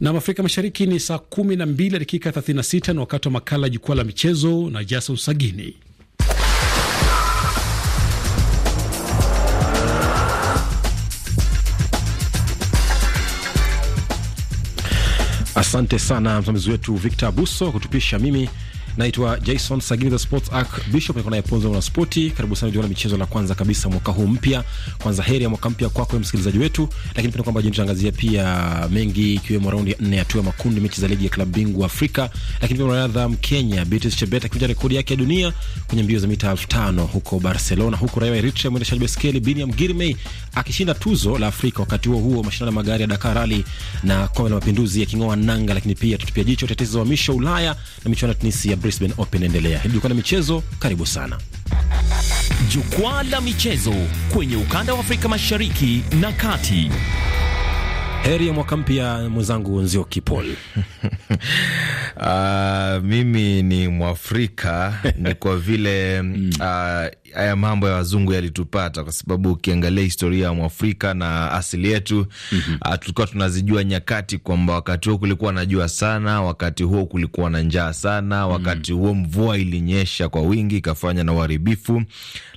Na Afrika Mashariki ni saa 12 na dakika 36, na wakati wa makala jukwaa la michezo na Jason Sagini. Asante sana msimamizi wetu Victor Abuso kutupisha mimi Naitwa Jason Sagini the Sports Arc Bishop, niko naye Ponzo na Spoti. Karibu sana jioni michezo la kwanza kabisa mwaka huu mpya. Kwanza heri ya mwaka mpya kwako msikilizaji wetu, lakini pia kwamba jioni tutaangazia pia mengi ikiwemo raundi ya nne ya tu ya makundi mechi za ligi ya klabu bingwa Afrika, lakini pia mwanariadha Mkenya Beatrice Chebet akivunja rekodi yake ya dunia kwenye mbio za mita 5000 huko Barcelona, huko raia wa Eritrea mwendeshaji baiskeli Biniam Girmay akishinda tuzo la Afrika. Wakati huo huo, mashindano ya magari ya Dakar Rally na kombe la mapinduzi yaking'oa nanga, lakini pia tutupia jicho tetezo wa misho Ulaya na michuano ya Tunisia Brisbane Open endelea. jukwaa la michezo, karibu sana. Jukwaa la michezo kwenye ukanda wa Afrika Mashariki na Kati. Heri ya mwaka mpya mwenzangu Nzioki Paul. Uh, mimi ni Mwafrika ni kwa vile mm. ah, haya uh, mambo ya wazungu yalitupata, kwa sababu ukiangalia historia ya Mwafrika na asili yetu mm -hmm. uh, tulikuwa tunazijua nyakati kwamba wakati huo kulikuwa na jua sana, wakati huo kulikuwa na njaa sana, wakati mm. huo mvua ilinyesha kwa wingi ikafanya na uharibifu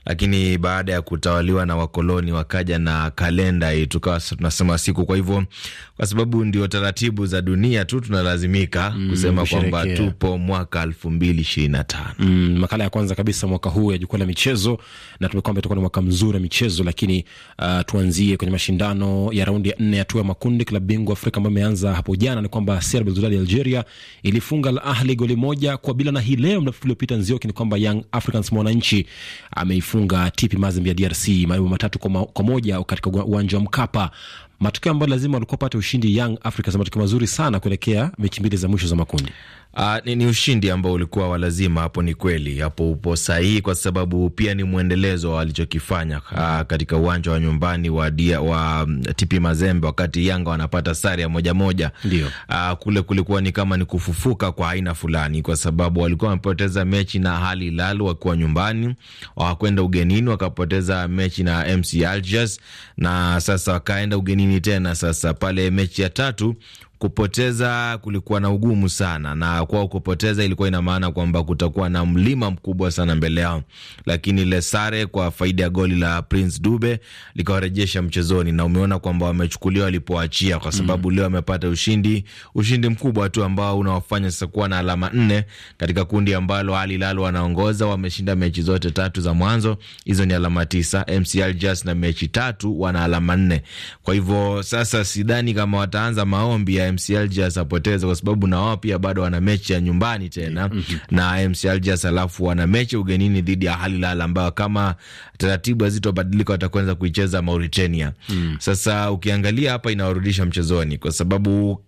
lakini baada ya kutawaliwa na wakoloni wakaja na kalenda hii, tukawa tunasema siku. Kwa hivyo, kwa sababu ndio taratibu za dunia tu, tunalazimika mm, kusema kwamba tupo mwaka elfu mbili ishirini na tano. Mm, makala ya kwanza kabisa mwaka huu ya jukwaa la michezo, na tumekwamba tutakuwa na mwaka mzuri wa michezo, lakini uh, tuanzie kwenye mashindano ya raundi ya nne ya hatua ya makundi klabu bingwa Afrika ambayo imeanza hapo jana. Ni kwamba CR Belouizdad ya Algeria ilifunga Al Ahli goli moja kwa bila, na hii leo mnafupi uliopita Nzioki ni kwamba Young Africans Mwananchi ameifunga kuifunga TP Mazembe ya DRC mabao matatu kwa, kwa moja katika uwanja wa Mkapa matokeo ambayo lazima walikuwa pate ushindi. Young Africans matokeo mazuri sana kuelekea mechi mbili za mwisho za makundi. Uh, ni, ni ushindi ambao ulikuwa wa lazima. Hapo ni kweli, hapo upo sahihi, kwa sababu pia ni mwendelezo walichokifanya uh, ah, katika uwanja wa nyumbani wa, dia, wa mm, TP Mazembe wakati Yanga wanapata sare ya moja moja. Ndio. Uh, kule kulikuwa ni kama ni kufufuka kwa aina fulani, kwa sababu walikuwa wamepoteza mechi na Al Hilal wakiwa nyumbani, wakwenda ugenini wakapoteza mechi na MC Alger, na sasa wakaenda ugenini nini tena sasa pale mechi ya tatu kupoteza kulikuwa na ugumu sana, na kwa kupoteza ilikuwa ina maana kwamba kutakuwa na mlima mkubwa sana mbele yao, lakini ile sare kwa faida ya goli la Prince Dube likawarejesha mchezoni, na umeona kwamba wamechukuliwa walipoachia, kwa sababu mm, leo wamepata ushindi, ushindi mkubwa tu ambao unawafanya sasa kuwa na alama nne katika kundi ambalo Al Hilal wanaongoza, wameshinda mechi zote tatu za mwanzo, hizo ni alama tisa. MC Alger na mechi tatu wana alama nne, kwa hivyo sasa sidhani kama wataanza maombi ya MC apoteza, kwa sababu na wao pia bado wana mechi ya nyumbani tena mm -hmm. na MC Algiers alafu wana mechi ugenini dhidi ya Al Hilal ambayo kama taratibu hazitobadilika watakwenda kuicheza Mauritania mm. Sasa ukiangalia hapa inawarudisha mchezoni kwa sababu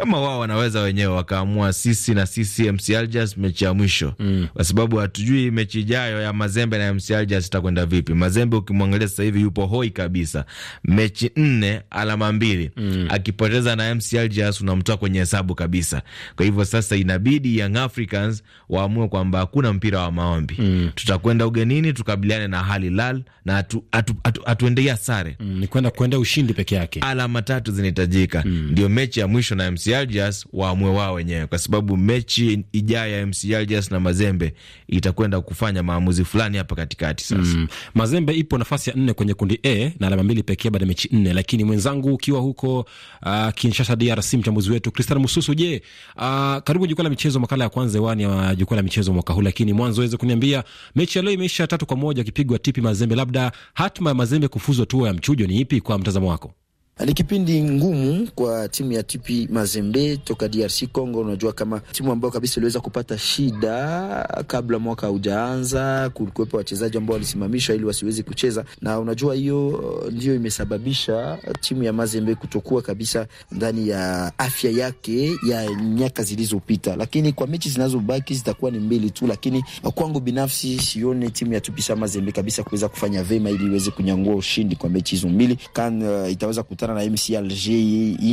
kama wao wanaweza wenyewe wakaamua sisi na sisi MC Algiers mechi ya mwisho mm. kwa mm. sababu hatujui mechi ijayo ya Mazembe na MC Algiers itakwenda vipi. Mazembe ukimwangalia sasa hivi yupo hoi kabisa, mechi nne alama mbili mm. akipoteza na MC Algiers unamtoa kwenye hesabu kabisa. Kwa hivyo sasa inabidi Young Africans waamue kwamba hakuna mpira wa maombi mm. tutakwenda ugenini tukabiliane na Al Hilal na atu, atu, atu, atuendea sare mm. ni kwenda kwenda ushindi peke yake, alama tatu zinahitajika mm. ndio mechi ya mwisho na MC MC waamue wao wenyewe, kwa sababu mechi ijayo ya MC Algers na Mazembe itakwenda kufanya maamuzi fulani hapa katikati. Sasa mm. Mazembe ipo nafasi ya nne kwenye kundi A e na alama mbili pekee baada ya mechi nne, lakini mwenzangu ukiwa huko uh, Kinshasa DRC, mchambuzi wetu Christian Mususu, je, uh, karibu jukwaa la michezo, makala ya kwanza wani ya jukwaa la michezo mwaka huu, lakini mwanzo weze kuniambia mechi ya leo imeisha tatu kwa moja, akipigwa tipi Mazembe, labda hatma ya Mazembe kufuzwa tu ya mchujo ni ipi kwa mtazamo wako? Ni kipindi ngumu kwa timu ya TP Mazembe toka DRC Congo. Unajua, kama timu ambayo kabisa iliweza kupata shida kabla mwaka hujaanza, kulikuwepo wachezaji ambao walisimamishwa ili wasiwezi kucheza, na unajua hiyo uh, ndiyo imesababisha timu ya Mazembe kutokuwa kabisa ndani ya afya yake ya nyaka zilizopita, lakini kwa mechi zinazobaki zitakuwa ni mbili tu, lakini kwangu binafsi sione timu ya TP Mazembe kabisa kuweza kufanya vema ili iweze kunyangua ushindi kwa mechi hizo mbili. kan uh, itaweza kuta kukutana na MC Alger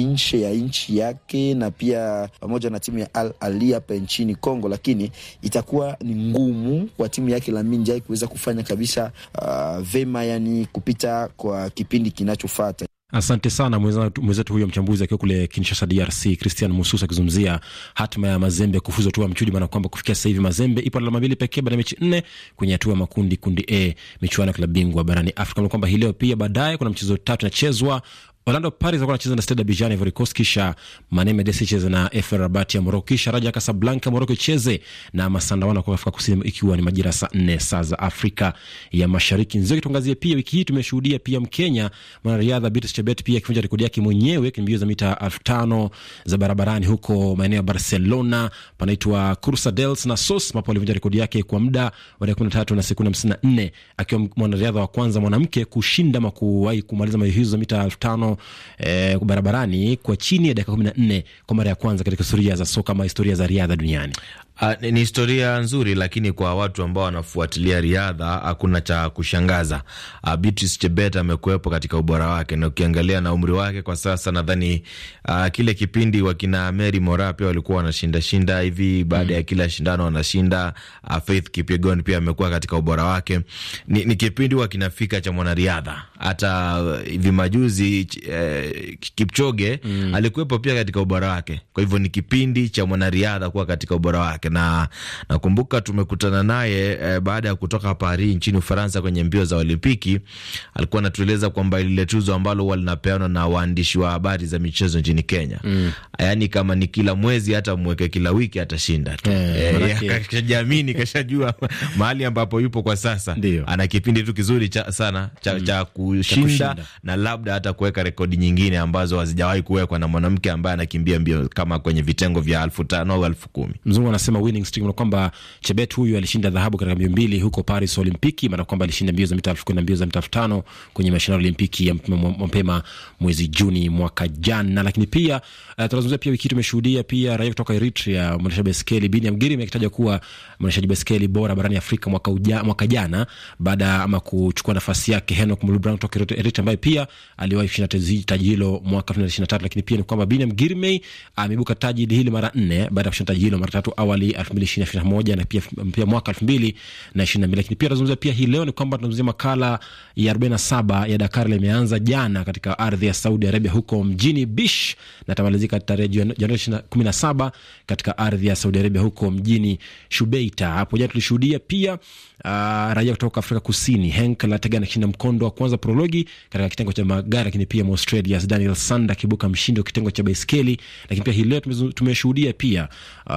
nje ya nchi yake na pia pamoja na timu ya Al Ahly hapa nchini Kongo, lakini itakuwa ni ngumu kwa timu yake Lamine Jai kuweza kufanya kabisa uh, vema, yani kupita kwa kipindi kinachofuata. Asante sana mwenzetu huyo mchambuzi akiwa kule Kinshasa, DRC, Christian Musus akizungumzia hatima ya Mazembe kufuzu hatua ya mchujo, maana kwamba kufikia sasa hivi Mazembe ipo alama mbili pekee baada ya mechi nne kwenye hatua ya makundi, kundi A, e, michuano ya klabu bingwa barani Afrika. Kwamba hii leo pia baadaye kuna mchezo tatu inachezwa Orlando Paris akuwa anacheza na Stade Abidjan Ivory Coast, kisha Maneme Desi cheze na FAR Rabat ya Moroko, kisha Raja Casablanca Moroko icheze na Masandawana kwa Afrika Kusini, ikiwa ni majira saa nne saa za Afrika ya Mashariki. Nzio kituangazie pia, wiki hii tumeshuhudia pia Mkenya mwanariadha Beatrice Chebet pia akivunja rekodi yake mwenyewe kwenye mbio za mita elfu tano za barabarani huko maeneo ya Barcelona, panaitwa Cursa del Nasos, ambapo alivunja rekodi yake kwa muda wa dakika kumi na tatu na sekunde hamsini na nne akiwa mwanariadha wa kwanza mwanamke kushinda ama kuwahi kumaliza mbio hizo za mita elfu tano eh, barabarani kwa chini ya dakika 14 kwa mara ya kwanza katika historia za soka ama historia za riadha duniani. Uh, ni historia nzuri, lakini kwa watu ambao wanafuatilia riadha hakuna cha kushangaza. Uh, Beatrice Chebet amekuwepo katika ubora wake, na ukiangalia na umri wake kwa sasa nadhani uh, kile kipindi wakina Mary Mora pia walikuwa wanashinda shinda hivi baada mm, ya kila shindano wanashinda. Uh, Faith Kipyegon pia amekuwa katika ubora wake. Ni, ni kipindi huwa kinafika cha mwanariadha. Hata eh, hivi majuzi eh, Kipchoge mm, alikuwepo pia katika ubora wake. Kwa hivyo ni kipindi cha mwanariadha kuwa katika ubora wake na nakumbuka tumekutana naye e, baada ya kutoka Paris nchini Ufaransa kwenye mbio za Olimpiki. Alikuwa anatueleza kwamba lile tuzo ambalo huwa linapeanwa na waandishi wa habari za michezo nchini Kenya mm. yaani kama ni kila mwezi, hata mweke kila wiki atashinda tu yeah, e, eh, kashajiamini kashajua mahali ambapo yupo kwa sasa. Ndiyo. ana kipindi tu kizuri cha, sana cha, mm. cha kushinda, kushinda na labda hata kuweka rekodi nyingine ambazo hazijawahi kuwekwa na mwanamke ambaye anakimbia mbio kama kwenye vitengo vya elfu tano au elfu kumi mzungu anasema tunasema winning streak na kwamba Chebet huyu alishinda dhahabu katika mbio mbili huko Paris Olimpiki, maana kwamba alishinda mbio za mita elfu kumi na mbio za mita elfu tano kwenye mashindano ya Olimpiki ya mapema mwezi Juni mwaka jana. Lakini pia uh, tunazungumzia pia wiki tumeshuhudia pia raia kutoka Eritrea mwendesha baiskeli Biniam Girim akitaja kuwa mwendeshaji baiskeli bora barani Afrika mwaka, uja, mwaka jana baada ama kuchukua nafasi yake Henok Mulbrand kutoka Eritrea ambaye pia aliwahi kushinda taji hilo mwaka elfu mbili na ishirini na tatu. Lakini pia ni kwamba Biniam Girmay ameibuka taji hili mara nne baada ya kushinda taji hilo mara tatu awali awali 2021 na pia, pia mwaka 2022. Lakini pia tunazungumzia pia hii leo ni kwamba tunazungumzia makala ya 47 ya Dakar limeanza jana katika ardhi ya Saudi Arabia huko mjini Bish na tamalizika tarehe Januari 17 katika ardhi ya Saudi Arabia huko mjini Shubeita. Hapo jana tulishuhudia pia uh, raia kutoka Afrika Kusini Henk Lategan akishinda mkondo wa kwanza prologi katika kitengo cha magari, lakini pia Australia Daniel Sanda akibuka mshindi wa kitengo cha baiskeli, lakini pia hii leo tumeshuhudia pia uh,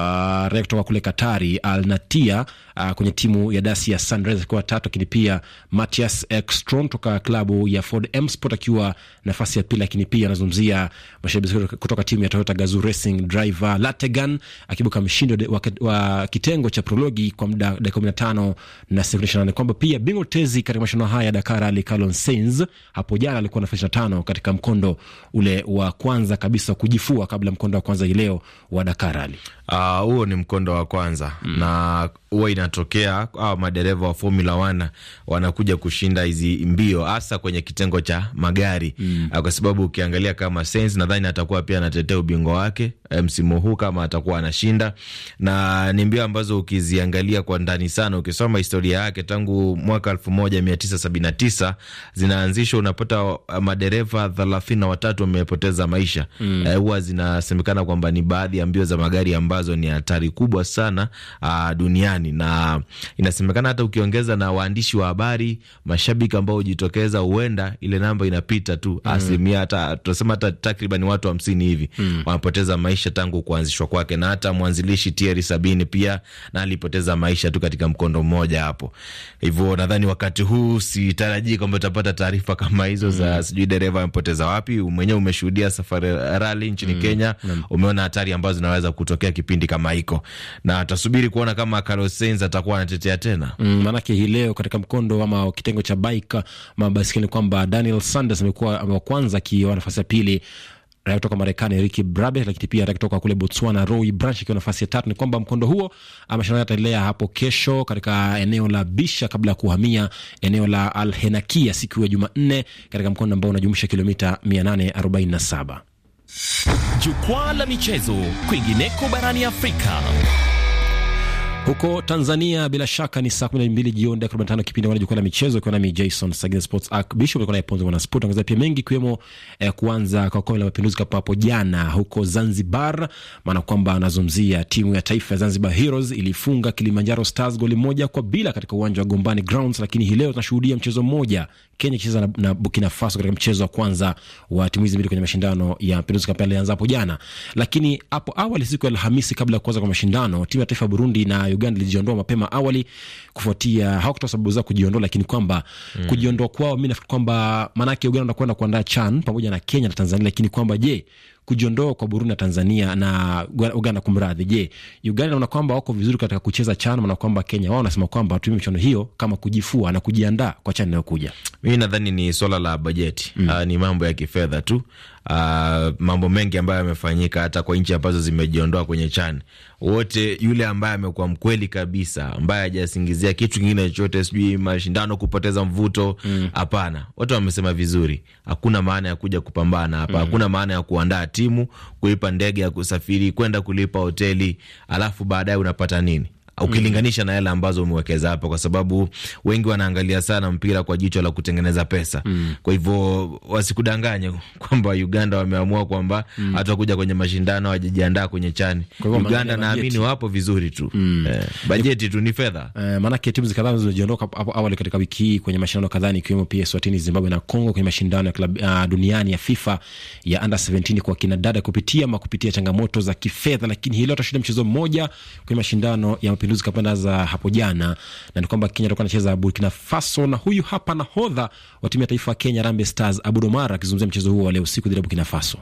raia kutoka kule Katari Alnatia uh, kwenye timu ya dasi ya Sunrise akiwa tatu, lakini pia Matias Ekstrom kutoka klabu ya Ford M Sport akiwa nafasi ya pili, lakini pia anazungumzia mashabiki kutoka timu ya Toyota Gazoo Racing driver Lategan akibuka mshindi wa, wa kitengo cha prologi kwa muda dakika kumi na tano na sekunde ishirini kwamba pia bingwa tezi katika mashindano haya ya Dakar Ali Calon Sainz hapo jana alikuwa nafasi ishirini na tano katika mkondo ule wa kwanza kabisa kujifua kabla mkondo wa kwanza hii leo wa Dakar Ali. Uh, huo ni mkondo mkondo wa kwanza mm. na huwa inatokea au madereva wa Formula 1 wanakuja kushinda hizi mbio, hasa kwenye kitengo cha magari mm. Ah, kwa sababu ukiangalia kama Sainz nadhani atakuwa pia anatetea ubingwa wake eh, msimu huu kama atakuwa anashinda, na ni mbio ambazo ukiziangalia kwa ndani sana, ukisoma historia yake tangu mwaka 1979 zinaanzishwa, unapata madereva thelathini na watatu wamepoteza maisha mm. Eh, huwa zinasemekana kwamba ni baadhi ya mbio za magari ambazo ni hatari kubwa sana a, ah, duniani fulani, na inasemekana hata ukiongeza na waandishi wa habari, mashabiki ambao hujitokeza, huenda ile namba inapita tu mm. asilimia hata tunasema hata takriban watu hamsini hivi mm. wanapoteza maisha tangu kuanzishwa kwake, na hata mwanzilishi Thierry Sabini pia na alipoteza maisha tu katika mkondo mmoja hapo. Hivyo nadhani wakati huu sitarajii kwamba utapata taarifa kama hizo za mm. sijui dereva amepoteza wapi. Mwenyewe umeshuhudia Safari rali nchini mm. Kenya mm. umeona hatari ambazo zinaweza kutokea kipindi kama hiko, na tasubiri kuona kama Carlos Sainz atakuwa anatetea tena mm, maanake hii leo katika mkondo ama kitengo cha bike mabaskeli kwamba Daniel Sanders amekuwa wa kwanza akiwa nafasi ya pili raia kutoka Marekani Ricky Brabe, lakini pia kutoka kule Botswana Roy Branch akiwa nafasi ya tatu. Ni kwamba mkondo huo mashindano yataendelea hapo kesho katika eneo la Bisha kabla ya kuhamia eneo la Alhenakia siku ya Jumanne katika mkondo ambao unajumuisha kilomita 847. Jukwaa la michezo kwingineko barani Afrika. Huko Tanzania bila shaka ni saa 12 jioni dakika 45, kipindi cha jukwaa la michezo kwa nami Jason Sagina Sports Arc Bishop alikuwa na Ponzo Mwana Sport angaza pia mengi ikiwemo eh, kuanza kwa kombe la mapinduzi kapo hapo jana huko Zanzibar, maana kwamba anazungumzia timu ya taifa ya Zanzibar Heroes ilifunga Kilimanjaro Stars goli moja kwa bila katika uwanja wa Gombani Grounds, lakini hii leo tunashuhudia mchezo mmoja Kenya ikicheza na, na Burkina Faso katika mchezo wa kwanza wa timu hizi mbili kwenye mashindano ya mapinduzi kapo yalianza hapo jana, lakini hapo awali siku ya Alhamisi kabla ya kuanza kwa mashindano timu ya taifa Burundi na Uganda ilijiondoa mapema awali kufuatia hawakutoa sababu za kujiondoa, lakini kwamba mm. kujiondoa kwao, mi nafikiri kwamba maanake Uganda wanakwenda kuandaa CHAN pamoja na Kenya na Tanzania, lakini kwamba je kujiondoa kwa Burundi na Tanzania na Uganda kumradhi. Je, Uganda naona kwamba wako vizuri katika kucheza CHAN na kwamba Kenya wao wanasema kwamba watumie michuano hiyo kama kujifua na kujiandaa kwa CHAN inayokuja? Mimi nadhani ni swala la bajeti mm. Uh, ni mambo ya kifedha tu. Uh, mambo mengi ambayo yamefanyika hata kwa nchi ambazo zimejiondoa kwenye CHAN, wote yule ambaye amekuwa mkweli kabisa, ambaye hajasingizia kitu kingine chochote, sijui mashindano kupoteza mvuto, mm. hapana mm. Wote wamesema vizuri, hakuna maana ya kuja kupambana hapa, mm. hakuna mm. maana ya kuandaa timu, kulipa ndege ya kusafiri kwenda, kulipa hoteli, alafu baadaye unapata nini? Mm. ukilinganisha mm. na yale ambazo umewekeza hapa, kwa sababu wengi wanaangalia sana mpira kwa jicho la kutengeneza pesa mm. kwa hivyo wasikudanganye kwamba Uganda wameamua kwamba mm. kwenye mashindano, hawajajiandaa kwenye chani. Uganda naamini wapo vizuri tu mm. eh, bajeti tu ni fedha eh, maanake timu kadhaa ziliondoka hapo awali katika wiki hii kwenye mashindano kadhaa ikiwemo pia Eswatini, Zimbabwe na Kongo kwenye mashindano ya klabu uh, duniani ya FIFA ya under 17 kwa kina dada kupitia makupitia changamoto za kifedha, lakini hii leo atashinda mchezo mmoja kwenye mashindano ya Mapinduzi kapanda za hapo jana, na ni kwamba Kenya atakuwa anacheza Burkina Faso, na huyu hapa nahodha wa timu ya taifa Kenya Rambe Stars Abud Omar akizungumzia mchezo huo wa leo usiku dhidi ya Burkina Faso.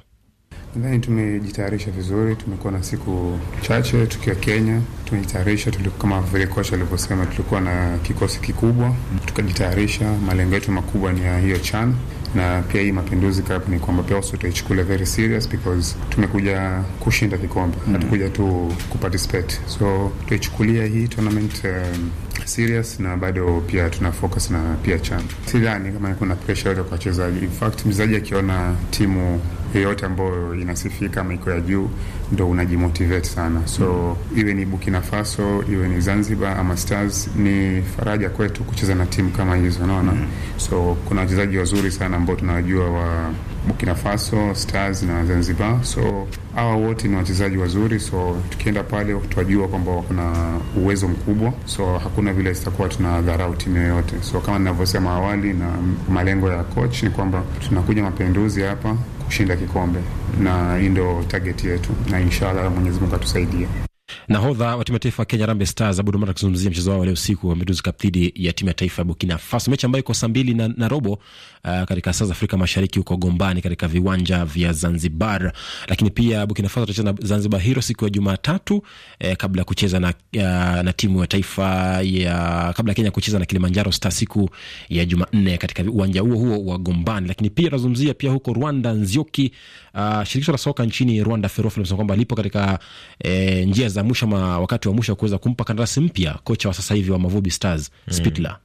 Nadhani tumejitayarisha vizuri, tumekuwa na siku chache tukiwa Kenya, tumejitayarisha kama vile kocha alivyosema, tulikuwa na kikosi kikubwa, tukajitayarisha. Malengo yetu makubwa ni ya hiyo CHAN na pia hii Mapinduzi Cup ni kwamba pia wasi tutaichukulia very serious because tumekuja kushinda kikombe, mm. hatukuja tu kuparticipate, so tuichukulia hii tournament um, serious na bado pia tuna focus na pia chana. Sidhani kama kuna pressure yote kwa wachezaji. In fact mchezaji akiona timu yoyote ambayo inasifika ama iko ya juu, ndo unajimotivate sana. So mm. iwe ni Burkina Faso, iwe ni Zanzibar ama Stars, ni faraja kwetu kucheza na timu kama hizo, unaona. Mm. So kuna wachezaji wazuri sana ambao tunawajua wa Burkina Faso, Stars na Zanzibar. So hawa wote ni wachezaji wazuri, so tukienda pale tutajua kwamba wako na uwezo mkubwa, so hakuna vile tuna dharau timu yoyote. So kama ninavyosema awali, na malengo ya coach ni kwamba tunakuja mapinduzi hapa kushinda kikombe, na hii ndio target yetu, na inshallah Mwenyezi Mungu atusaidie. Nahodha wa timu ya taifa Kenya Harambee Stars Abudu Mara kuzungumzia mchezo wao leo usiku wa mapinduzi Cup dhidi ya timu ya taifa ya Burkina Faso, mechi ambayo iko saa mbili na, na robo uh, katika saa za Afrika Mashariki huko Gombani katika viwanja vya Zanzibar. Lakini pia Burkina Faso atacheza na Zanzibar hiro siku ya Jumatatu eh, kabla ya kucheza na, uh, na timu ya taifa ya kabla ya Kenya kucheza na Kilimanjaro Star siku ya Jumanne katika uwanja huo huo wa Gombani. Lakini pia nazungumzia pia huko Rwanda Nzioki Uh, shirikisho la soka nchini Rwanda FEROFA limesema kwamba lipo katika e, njia za mwisho ma wakati wa mwisho kuweza kumpa kandarasi mpya kocha wa sasa hivi wa Mavubi Stars mm. Spitler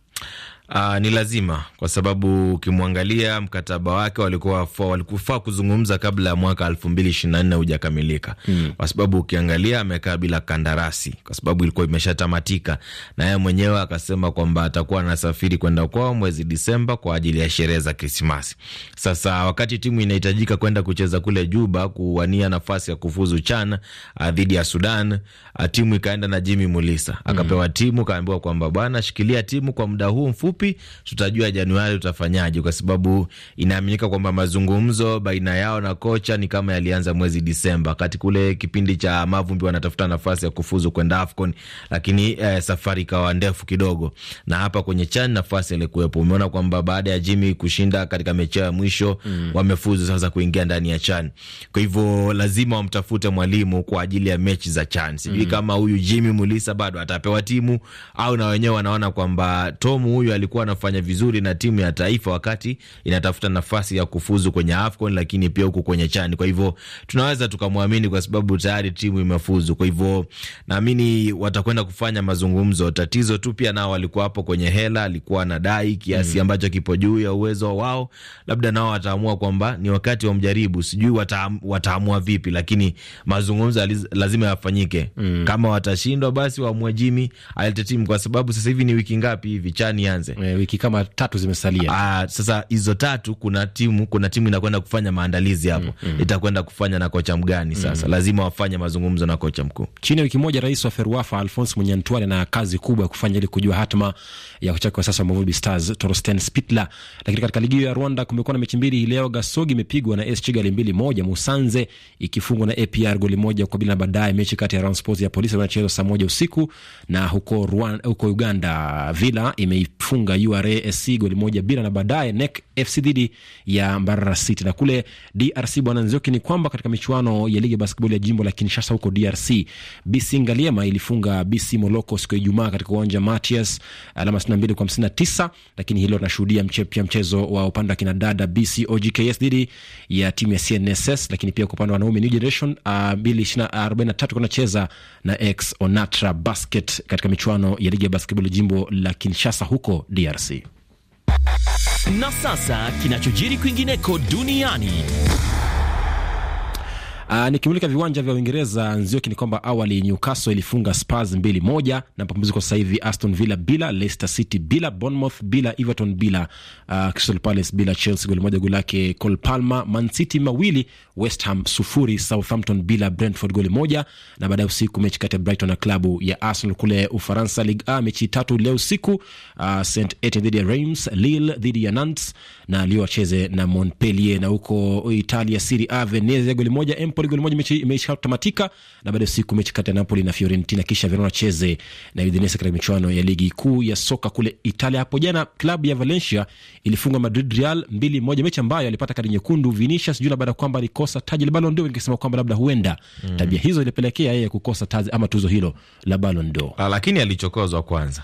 Uh, ni lazima kwa sababu ukimwangalia mkataba wake walikuwa walikufaa kuzungumza kabla ya mwaka elfu mbili ishirini na nne hujakamilika mm. Kwa sababu ukiangalia amekaa bila kandarasi kwa sababu ilikuwa imeshatamatika, na yeye mwenyewe akasema kwamba atakuwa anasafiri kwenda kwao mwezi Disemba kwa ajili ya sherehe za Krismasi. Sasa wakati timu inahitajika kwenda kucheza kule Juba kuwania nafasi ya kufuzu CHAN ah, dhidi ya Sudan, ah, timu ikaenda na Jimmy Mulisa akapewa mm. timu kaambiwa kwamba bwana, shikilia timu kwa muda huu mfupi mfupi tutajua Januari tutafanyaje, kwa sababu inaaminika kwamba mazungumzo baina yao na kocha ni kama yalianza mwezi Disemba, wakati kule kipindi cha mavumbi wanatafuta nafasi ya kufuzu kwenda AFCON, lakini eh, safari ikawa ndefu kidogo, na hapa kwenye CHAN nafasi ilikuwepo. Umeona kwamba baada ya Jimmy kushinda katika mechi ya mwisho mm, wamefuzu sasa kuingia ndani ya CHAN. Kwa hivyo lazima wamtafute mwalimu kwa ajili ya mechi za CHAN. Sijui mm, kama huyu Jimmy Mulisa bado atapewa timu au na wenyewe wanaona kwamba Tom huyu alikuwa anafanya vizuri na timu ya taifa wakati inatafuta nafasi ya kufuzu kwenye AFCON, lakini pia huko kwenye CHAN. Kwa hivyo tunaweza tukamwamini kwa sababu tayari timu imefuzu. Kwa hivyo naamini watakwenda kufanya mazungumzo. Tatizo tu pia nao walikuwa hapo kwenye hela, alikuwa anadai kiasi mm, ambacho kipo juu ya uwezo wao. Labda nao wataamua kwamba ni wakati wa mjaribu, sijui wataam, wataamua vipi, lakini mazungumzo lazima yafanyike. Mm. Kama watashindwa basi wamwajimi alete timu, kwa sababu sasa hivi ni wiki ngapi hivi chani ianze? Eh, wiki kama tatu zimesalia. Aa, ah, sasa hizo tatu kuna timu kuna timu inakwenda kufanya maandalizi hapo mm, mm. itakwenda kufanya na kocha mgani mm. sasa mm. lazima wafanye mazungumzo na kocha mkuu. Chini ya wiki moja, rais wa Ferwafa Alphonse Munyantwali na kazi kubwa ya kufanya ili kujua hatma ya kocha wa sasa Mavubi Stars Torsten Spittler. Lakini katika ligi ya Rwanda kumekuwa na mechi mbili leo, Gasogi imepigwa na SC Kigali mbili moja, Musanze ikifungwa na APR goli moja kwa bila, na baadaye mechi kati ya Rayon Sports ya polisi inachezwa saa moja usiku na huko Rwanda, huko Uganda Villa imeifunga ilifunga URA SC goli moja bila na baadaye NEC FC dhidi ya Mbarara City. Na kule DRC bwana Nzioki, ni kwamba katika michuano ya ligi ya basketball ya jimbo la Kinshasa huko DRC, BC Ngaliema ilifunga BC Moloko siku ya Ijumaa katika uwanja Matias alama 62 kwa 59, lakini hilo linashuhudia mchepia mchezo wa upande wa kinadada BC OGKS dhidi ya timu ya CNSS, lakini pia kwa upande wa wanaume New Generation uh, 243 kunacheza na ex Onatra Basket katika michuano ya ligi ya basketball jimbo la Kinshasa huko DRC. Na sasa kinachojiri kwingineko duniani Uh, nikimulika viwanja vya Uingereza, Nzioki, ni kwamba awali Newcastle ilifunga Spurs mbili moja na mapumziko sasa hivi Aston Villa bila, Leicester City bila, Bournemouth bila, Everton bila, uh, Crystal Palace bila, Chelsea goli moja goli lake Cole Palmer, Man City mawili, West Ham sufuri, Southampton bila, Brentford goli moja na baadaye usiku mechi kati ya Brighton na klabu ya Arsenal kule Ufaransa, Ligue A mechi tatu leo usiku, uh, Saint Etienne dhidi ya Reims, Lille dhidi ya Nantes na Lyon wacheze na Montpellier, na huko Italia Serie A Venezia goli moja Empoli Napoli goli moja, mechi imeshatamatika. Na baada ya siku mechi kati ya Napoli na Fiorentina, kisha Verona cheze na Udinese katika michuano ya ligi kuu ya soka kule Italia. Hapo jana klabu ya Valencia ilifungwa Madrid Real mbili moja, mechi ambayo alipata kadi nyekundu Vinicius Junior baada ya kwamba alikosa taji la Ballon d'Or, nikisema kwamba labda huenda mm, tabia hizo ilipelekea yeye kukosa taji ama tuzo hilo la Ballon d'Or, ah, lakini alichokozwa kwanza.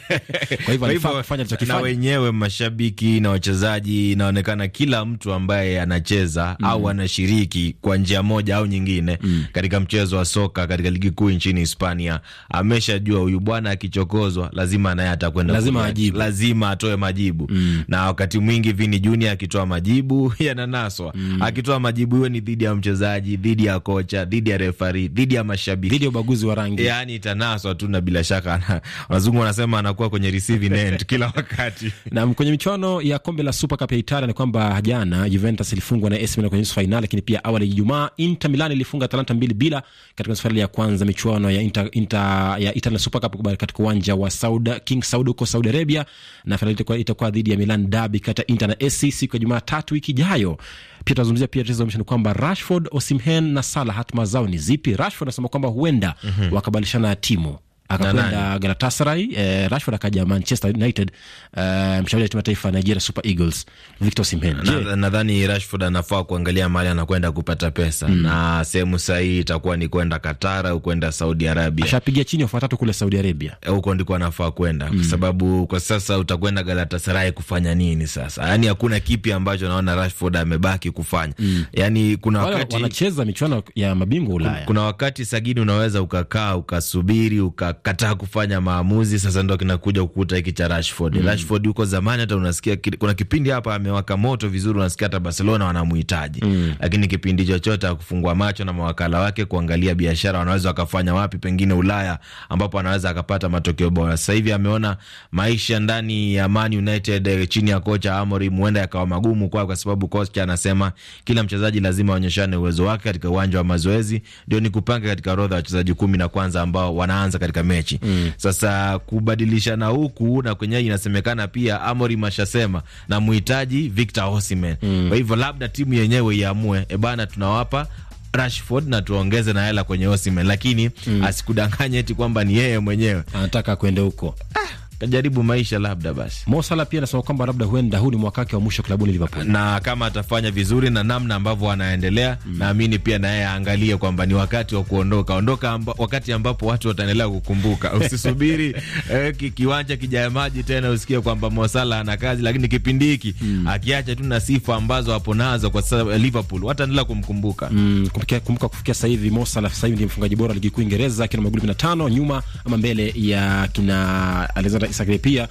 Kwa hivyo alifanya alichokifanya, na wenyewe mashabiki na wachezaji, inaonekana kila mtu ambaye anacheza mm, au anashiriki kwa njia moja au nyingine mm. katika mchezo wa soka katika ligi kuu nchini Hispania, ameshajua huyu bwana akichokozwa lazima naye atakwenda lazima ajibu, lazima atoe majibu mm. na wakati mwingi Vini Junior akitoa majibu yananaswa mm. akitoa majibu iwe ni dhidi ya mchezaji, dhidi ya kocha, dhidi ya refari, dhidi ya mashabiki, dhidi ya ubaguzi wa rangi, yani itanaswa tu, na bila shaka wazungu wanasema anakuwa kwenye receiving end kila wakati. na kwenye michuano ya kombe la Super Cup ya Italia ni kwamba jana Juventus ilifungwa na AC Milan kwenye nusu fainali, lakini pia awali Ijumaa Inter Milan ilifunga Atalanta mbili bila katika safari ya kwanza michuano ya Inter, Inter, ya Italian Super Cup katika uwanja wa Saud King Saud huko Saudi Arabia, na fainali itakuwa dhidi ya Milan derby kati ya Inter na AC siku ya Jumatatu wiki ijayo. Pia tunazungumzia pia tatizo ni kwamba Rashford, Osimhen na Salah hatima zao ni zipi? Rashford anasema kwamba huenda mm -hmm. wakabadilishana timu akakwenda Galatasaray eh, Rashford akaja Manchester United eh, mshauri wa timu taifa Nigeria Super Eagles Victor Osimhen. Nadhani Rashford anafaa kuangalia mahali anakwenda kupata pesa mm. na sehemu sahihi itakuwa ni kwenda Qatar au kwenda Saudi Arabia. Ashapiga chini ofa tatu kule Saudi Arabia, eh, huko ndiko anafaa kwenda mm. kwa sababu kwa sasa utakwenda Galatasaray kufanya nini sasa? Yani hakuna kipi ambacho naona Rashford amebaki kufanya mm. yani kuna wakati wanacheza michuano ya mabingwa Ulaya, kuna wakati sagini unaweza ukakaa ukasubiri uka kataa kufanya maamuzi. Sasa ndo kinakuja kukuta hiki cha Rashford. Mm. Rashford yuko zamani, hata unasikia kuna kipindi hapa amewaka moto vizuri, unasikia hata Barcelona wanamuhitaji. Mm. Lakini kipindi chochote akufungua macho na mawakala wake kuangalia biashara wanaweza wakafanya wapi, pengine Ulaya ambapo anaweza akapata matokeo bora. Sasa hivi ameona maisha ndani ya Man United eh, chini ya kocha Amorim huenda yakawa magumu kwao, kwa sababu kocha anasema kila mchezaji lazima aonyeshane uwezo wake katika uwanja wa mazoezi, ndio ni kupanga katika orodha ya wachezaji kumi na kwanza ambao wanaanza katika mechi mm. Sasa kubadilishana huku na kwenye inasemekana pia amori mashasema na muhitaji Victor Osimhen mm. Kwa hivyo labda timu yenyewe iamue, ebana tunawapa Rashford na tuongeze na hela kwenye Osimhen, lakini mm. asikudanganye eti kwamba ni yeye mwenyewe anataka kwende huko ah kajaribu maisha labda basi. Mo Salah pia anasema kwamba labda huenda huu ni mwaka wake wa mwisho klabuni Liverpool, na kama atafanya vizuri na namna ambavyo anaendelea mm, naamini pia na yeye aangalie kwamba ni wakati wa kuondoka ondoka amba, wakati ambapo watu wataendelea kukumbuka. Usisubiri eh, kiwanja kijaya maji tena usikie kwamba Mo Salah ana kazi, lakini kipindi hiki mm, akiacha tu na sifa ambazo hapo nazo kwa sasa Liverpool wataendelea kumkumbuka mm, kumbuka, kufikia sasa hivi Mo Salah sasa hivi ndiye mfungaji bora ligi kuu Uingereza, kina magoli 15 nyuma ama mbele ya kina Alexander Isakre pia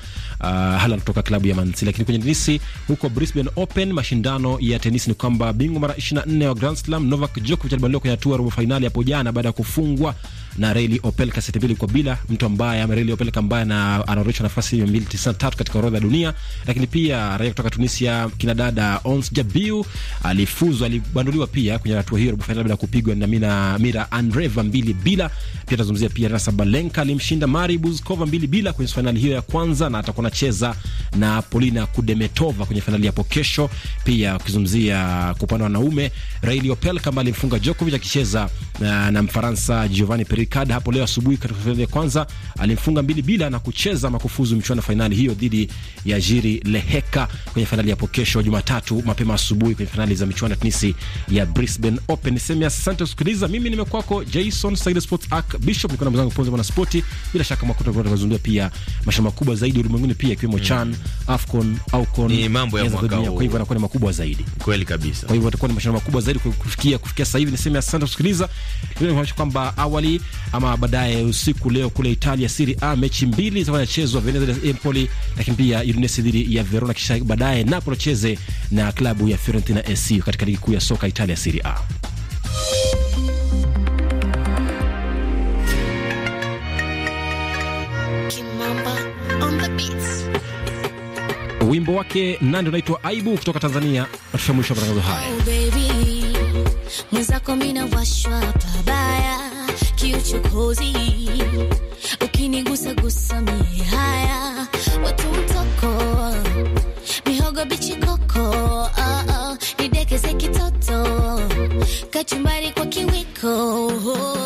uh, Haaland kutoka klabu ya Man City. Lakini kwenye tenisi huko Brisbane Open, mashindano ya tenisi ni kwamba bingwa mara 24 wa Grand Slam Novak Djokovic alibandiliwa kwenye hatua robo fainali hapo jana baada ya kufungwa na Reli Opelka seti mbili kwa bila, mtu ambaye ama Reli Opelka ambaye na anaorodheshwa nafasi tatu katika orodha ya dunia. Lakini pia raia kutoka Tunisia kina dada Ons Jabiu alifuzwa, alibanduliwa pia kwenye hatua hiyo robo fainali bila kupigwa na Mina Mira Andreva mbili bila. Pia tazungumzia pia Rasa Balenka alimshinda Mari Buzkova mbili bila kwenye fainali hiyo ya kwanza, na atakuwa anacheza na Polina Kudemetova kwenye fainali hapo kesho. Pia ukizungumzia kwa upande wa wanaume Raili Opelka ambaye alimfunga Djokovic akicheza na, na Mfaransa Giovanni Pericard hapo leo asubuhi katika fainali ya kwanza alimfunga mbili bila na kucheza makufuzu michuano fainali hiyo dhidi ya Jiri Leheka kwenye fainali hapo kesho Jumatatu mapema asubuhi kwenye fainali za michuano ya tenisi ya Brisbane Open. Niseme asante kusikiliza, mimi nimekwako Jason Said Sports Arc Bishop, niko na mwenzangu Ponzo Mwana Spoti. Bila shaka mwakuta kwa kuzundua pia mashamba makubwa zaidi ulimwenguni pia ikiwemo mm. CHAN, AFCON, AUCON ni mambo ya mwaka huu, kwa hivyo yanakuwa ni makubwa zaidi, kweli kabisa. Kwa hivyo yatakuwa ni mashamba makubwa zaidi kufikia kufikia sasa hivi. Niseme asante kusikiliza. Inaonyesha kwamba awali ama baadaye usiku leo kule Italia Serie A mechi mbili zitakachezwa Venezia na Empoli, lakini pia Udinese dhidi ya Verona, kisha baadaye Napoli cheze na klabu ya Fiorentina AC katika ligi kuu ya soka Italia Serie A. Wimbo wake nani, unaitwa Aibu kutoka Tanzania. Natufia mwisho wa matangazo haya. Oh, zako mina washwa pabaya kiuchokozi gusa mihaya watu mtoko mihogo bichikoko oh, ah, oh, ah. nidekeze kitoto kachumbari kwa kiwiko oh, oh.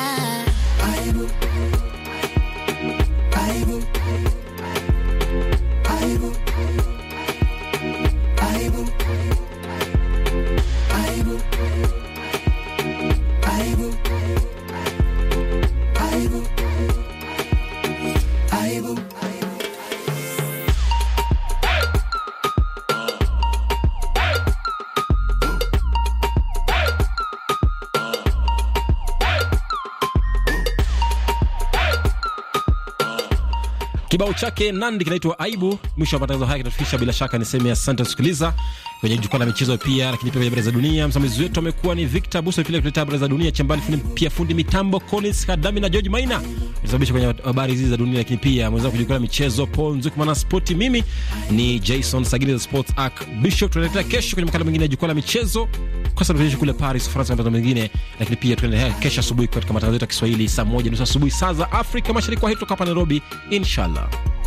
Kibao chake Nandi kinaitwa Aibu. Mwisho wa matangazo haya kinatufikisha bila shaka, ni sehemu ya asante kusikiliza kwenye jukwaa la michezo pia, lakini pia kwenye habari za dunia. Msimamizi wetu amekuwa ni Victor Buso, pia kuleta habari za dunia chambali, pia fundi mitambo Collins Kadami na George Maina sababisha kwenye habari hizi za dunia, lakini pia mwenzangu kwenye jukwaa la michezo Paul Nzukuma na spoti. Mimi ni Jason Sagiri, the sports arc bishop. Tunaletea kesho kwenye makala mengine ya jukwaa la michezo kwa sababu kule Paris, Ufaransa na matangazo mengine, lakini pia tunaendelea eh, kesho asubuhi katika matangazo yetu ya Kiswahili saa moja nusu asubuhi saa za Afrika Mashariki. Kwa hii kutoka hapa Nairobi, inshallah.